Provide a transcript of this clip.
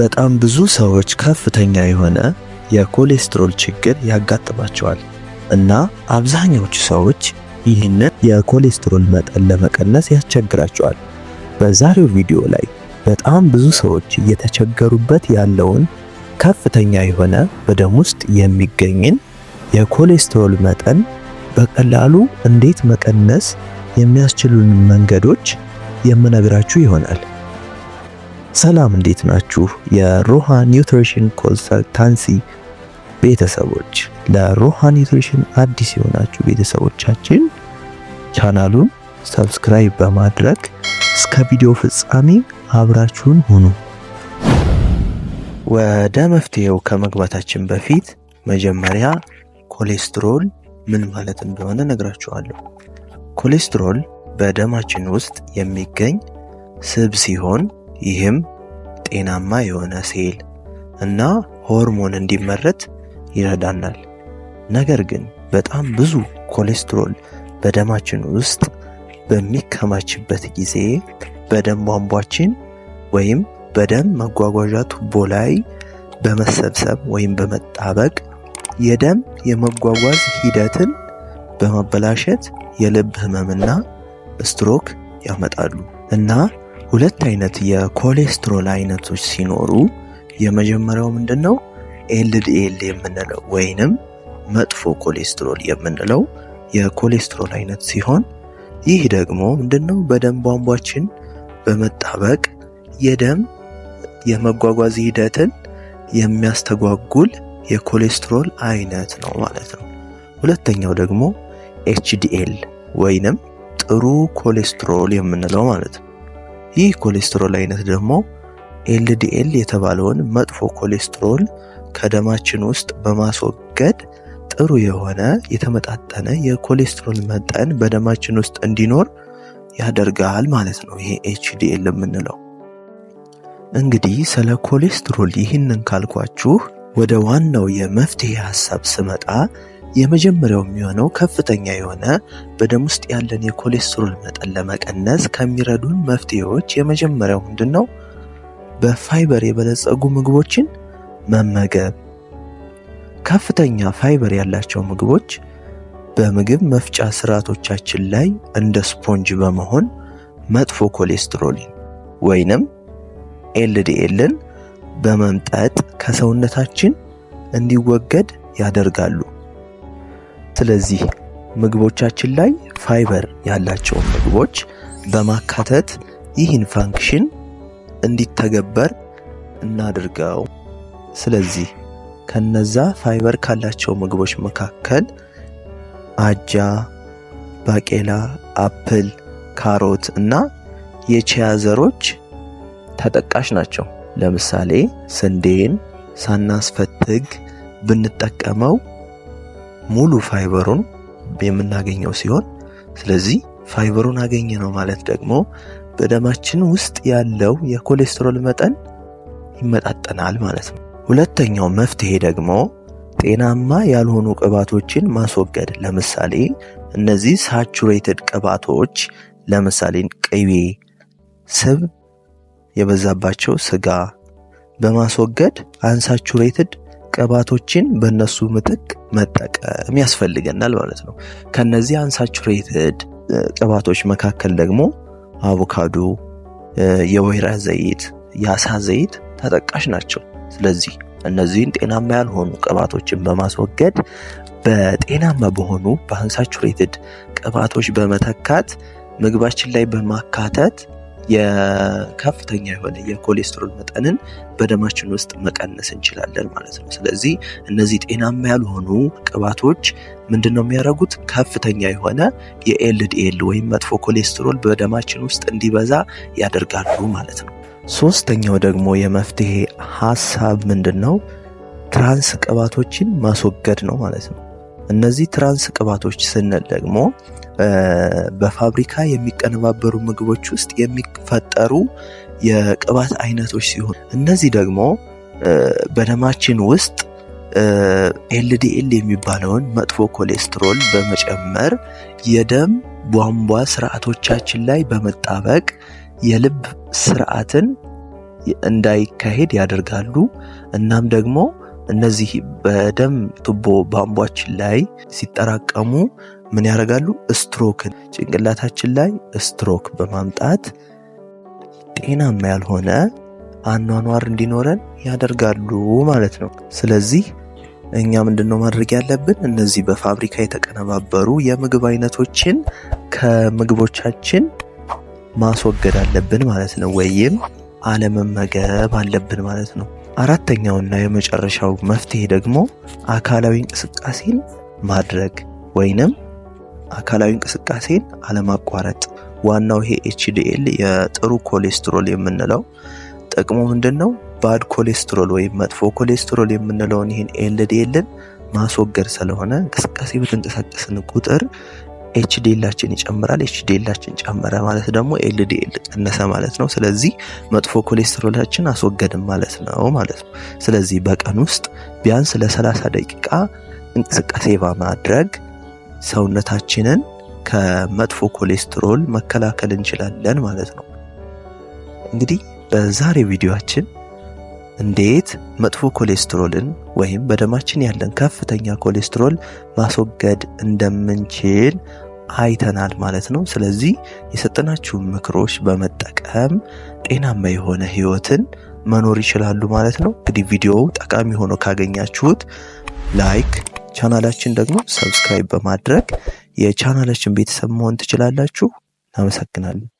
በጣም ብዙ ሰዎች ከፍተኛ የሆነ የኮሌስትሮል ችግር ያጋጥማቸዋል እና አብዛኛዎቹ ሰዎች ይህንን የኮሌስትሮል መጠን ለመቀነስ ያስቸግራቸዋል። በዛሬው ቪዲዮ ላይ በጣም ብዙ ሰዎች እየተቸገሩበት ያለውን ከፍተኛ የሆነ በደም ውስጥ የሚገኝን የኮሌስትሮል መጠን በቀላሉ እንዴት መቀነስ የሚያስችሉን መንገዶች የምነግራችሁ ይሆናል። ሰላም እንዴት ናችሁ? የሮሃ ኒውትሪሽን ኮንሰልታንሲ ቤተሰቦች፣ ለሮሃ ኒውትሪሽን አዲስ የሆናችሁ ቤተሰቦቻችን ቻናሉን ሰብስክራይብ በማድረግ እስከ ቪዲዮ ፍጻሜ አብራችሁን ሁኑ። ወደ መፍትሄው ከመግባታችን በፊት መጀመሪያ ኮሌስትሮል ምን ማለት እንደሆነ ነግራችኋለሁ። ኮሌስትሮል በደማችን ውስጥ የሚገኝ ስብ ሲሆን ይህም ጤናማ የሆነ ሴል እና ሆርሞን እንዲመረት ይረዳናል። ነገር ግን በጣም ብዙ ኮሌስትሮል በደማችን ውስጥ በሚከማችበት ጊዜ በደም ቧንቧችን ወይም በደም መጓጓዣ ቱቦ ላይ በመሰብሰብ ወይም በመጣበቅ የደም የመጓጓዝ ሂደትን በማበላሸት የልብ ህመምና ስትሮክ ያመጣሉ እና ሁለት አይነት የኮሌስትሮል አይነቶች ሲኖሩ የመጀመሪያው ምንድን ነው? ኤልዲኤል የምንለው ወይንም መጥፎ ኮሌስትሮል የምንለው የኮሌስትሮል አይነት ሲሆን ይህ ደግሞ ምንድነው? በደም ቧንቧችን በመጣበቅ የደም የመጓጓዝ ሂደትን የሚያስተጓጉል የኮሌስትሮል አይነት ነው ማለት ነው። ሁለተኛው ደግሞ ኤችዲኤል ወይንም ጥሩ ኮሌስትሮል የምንለው ማለት ነው። ይህ ኮሌስትሮል አይነት ደግሞ ኤልዲኤል የተባለውን መጥፎ ኮሌስትሮል ከደማችን ውስጥ በማስወገድ ጥሩ የሆነ የተመጣጠነ የኮሌስትሮል መጠን በደማችን ውስጥ እንዲኖር ያደርጋል ማለት ነው። ይሄ ኤችዲኤል የምንለው እንግዲህ ስለ ኮሌስትሮል ይህንን ካልኳችሁ ወደ ዋናው የመፍትሄ ሀሳብ ስመጣ የመጀመሪያው የሚሆነው ከፍተኛ የሆነ በደም ውስጥ ያለን የኮሌስትሮል መጠን ለመቀነስ ከሚረዱን መፍትሄዎች የመጀመሪያው ምንድን ነው? በፋይበር የበለጸጉ ምግቦችን መመገብ። ከፍተኛ ፋይበር ያላቸው ምግቦች በምግብ መፍጫ ስርዓቶቻችን ላይ እንደ ስፖንጅ በመሆን መጥፎ ኮሌስትሮልን ወይንም ኤልዲኤልን በመምጠጥ ከሰውነታችን እንዲወገድ ያደርጋሉ። ስለዚህ ምግቦቻችን ላይ ፋይበር ያላቸውን ምግቦች በማካተት ይህን ፋንክሽን እንዲተገበር እናድርገው። ስለዚህ ከነዛ ፋይበር ካላቸው ምግቦች መካከል አጃ፣ ባቄላ፣ አፕል፣ ካሮት እና የቺያ ዘሮች ተጠቃሽ ናቸው። ለምሳሌ ስንዴን ሳናስፈትግ ብንጠቀመው ሙሉ ፋይበሩን የምናገኘው ሲሆን ስለዚህ ፋይበሩን አገኘ ነው ማለት ደግሞ በደማችን ውስጥ ያለው የኮሌስትሮል መጠን ይመጣጠናል ማለት ነው። ሁለተኛው መፍትሄ ደግሞ ጤናማ ያልሆኑ ቅባቶችን ማስወገድ። ለምሳሌ እነዚህ ሳቹሬትድ ቅባቶች ለምሳሌ ቅቤ፣ ስብ የበዛባቸው ስጋ በማስወገድ አንሳቹሬትድ ቅባቶችን በእነሱ ምትክ መጠቀም ያስፈልገናል ማለት ነው። ከነዚህ አንሳቹሬትድ ቅባቶች መካከል ደግሞ አቮካዶ፣ የወይራ ዘይት፣ የአሳ ዘይት ተጠቃሽ ናቸው። ስለዚህ እነዚህን ጤናማ ያልሆኑ ቅባቶችን በማስወገድ በጤናማ በሆኑ በአንሳቹሬትድ ቅባቶች በመተካት ምግባችን ላይ በማካተት የከፍተኛ የሆነ የኮሌስትሮል መጠንን በደማችን ውስጥ መቀነስ እንችላለን ማለት ነው። ስለዚህ እነዚህ ጤናማ ያልሆኑ ቅባቶች ምንድን ነው የሚያደርጉት? ከፍተኛ የሆነ የኤልዲኤል ወይም መጥፎ ኮሌስትሮል በደማችን ውስጥ እንዲበዛ ያደርጋሉ ማለት ነው። ሶስተኛው ደግሞ የመፍትሄ ሀሳብ ምንድን ነው? ትራንስ ቅባቶችን ማስወገድ ነው ማለት ነው። እነዚህ ትራንስ ቅባቶች ስንል ደግሞ በፋብሪካ የሚቀነባበሩ ምግቦች ውስጥ የሚፈጠሩ የቅባት አይነቶች ሲሆን እነዚህ ደግሞ በደማችን ውስጥ ኤልዲኤል የሚባለውን መጥፎ ኮሌስትሮል በመጨመር የደም ቧንቧ ስርዓቶቻችን ላይ በመጣበቅ የልብ ስርዓትን እንዳይካሄድ ያደርጋሉ። እናም ደግሞ እነዚህ በደም ቱቦ ባምቧችን ላይ ሲጠራቀሙ ምን ያደርጋሉ? ስትሮክን ጭንቅላታችን ላይ ስትሮክ በማምጣት ጤናማ ያልሆነ አኗኗር እንዲኖረን ያደርጋሉ ማለት ነው። ስለዚህ እኛ ምንድነው ማድረግ ያለብን? እነዚህ በፋብሪካ የተቀነባበሩ የምግብ አይነቶችን ከምግቦቻችን ማስወገድ አለብን ማለት ነው፣ ወይም አለመመገብ አለብን ማለት ነው። አራተኛውና የመጨረሻው መፍትሄ ደግሞ አካላዊ እንቅስቃሴን ማድረግ ወይንም አካላዊ እንቅስቃሴን አለማቋረጥ። ዋናው ይሄ ኤችዲኤል የጥሩ ኮሌስትሮል የምንለው ጥቅሙ ምንድን ነው? ባድ ኮሌስትሮል ወይም መጥፎ ኮሌስትሮል የምንለውን ይህን ኤልዲኤልን ማስወገድ ስለሆነ እንቅስቃሴ በተንቀሳቀስን ቁጥር ኤችዲኤላችን ይጨምራል። ኤችዲኤላችን ጨመረ ማለት ደግሞ ኤልዲኤል ቀነሰ ማለት ነው። ስለዚህ መጥፎ ኮሌስትሮላችን አስወገድም ማለት ነው ማለት ነው። ስለዚህ በቀን ውስጥ ቢያንስ ለሰላሳ ደቂቃ እንቅስቃሴ በማድረግ ሰውነታችንን ከመጥፎ ኮሌስትሮል መከላከል እንችላለን ማለት ነው። እንግዲህ በዛሬ ቪዲዮአችን እንዴት መጥፎ ኮሌስትሮልን ወይም በደማችን ያለን ከፍተኛ ኮሌስትሮል ማስወገድ እንደምንችል አይተናል ማለት ነው። ስለዚህ የሰጠናችሁን ምክሮች በመጠቀም ጤናማ የሆነ ህይወትን መኖር ይችላሉ ማለት ነው። እንግዲህ ቪዲዮው ጠቃሚ ሆኖ ካገኛችሁት ላይክ፣ ቻናላችን ደግሞ ሰብስክራይብ በማድረግ የቻናላችን ቤተሰብ መሆን ትችላላችሁ። እናመሰግናለን።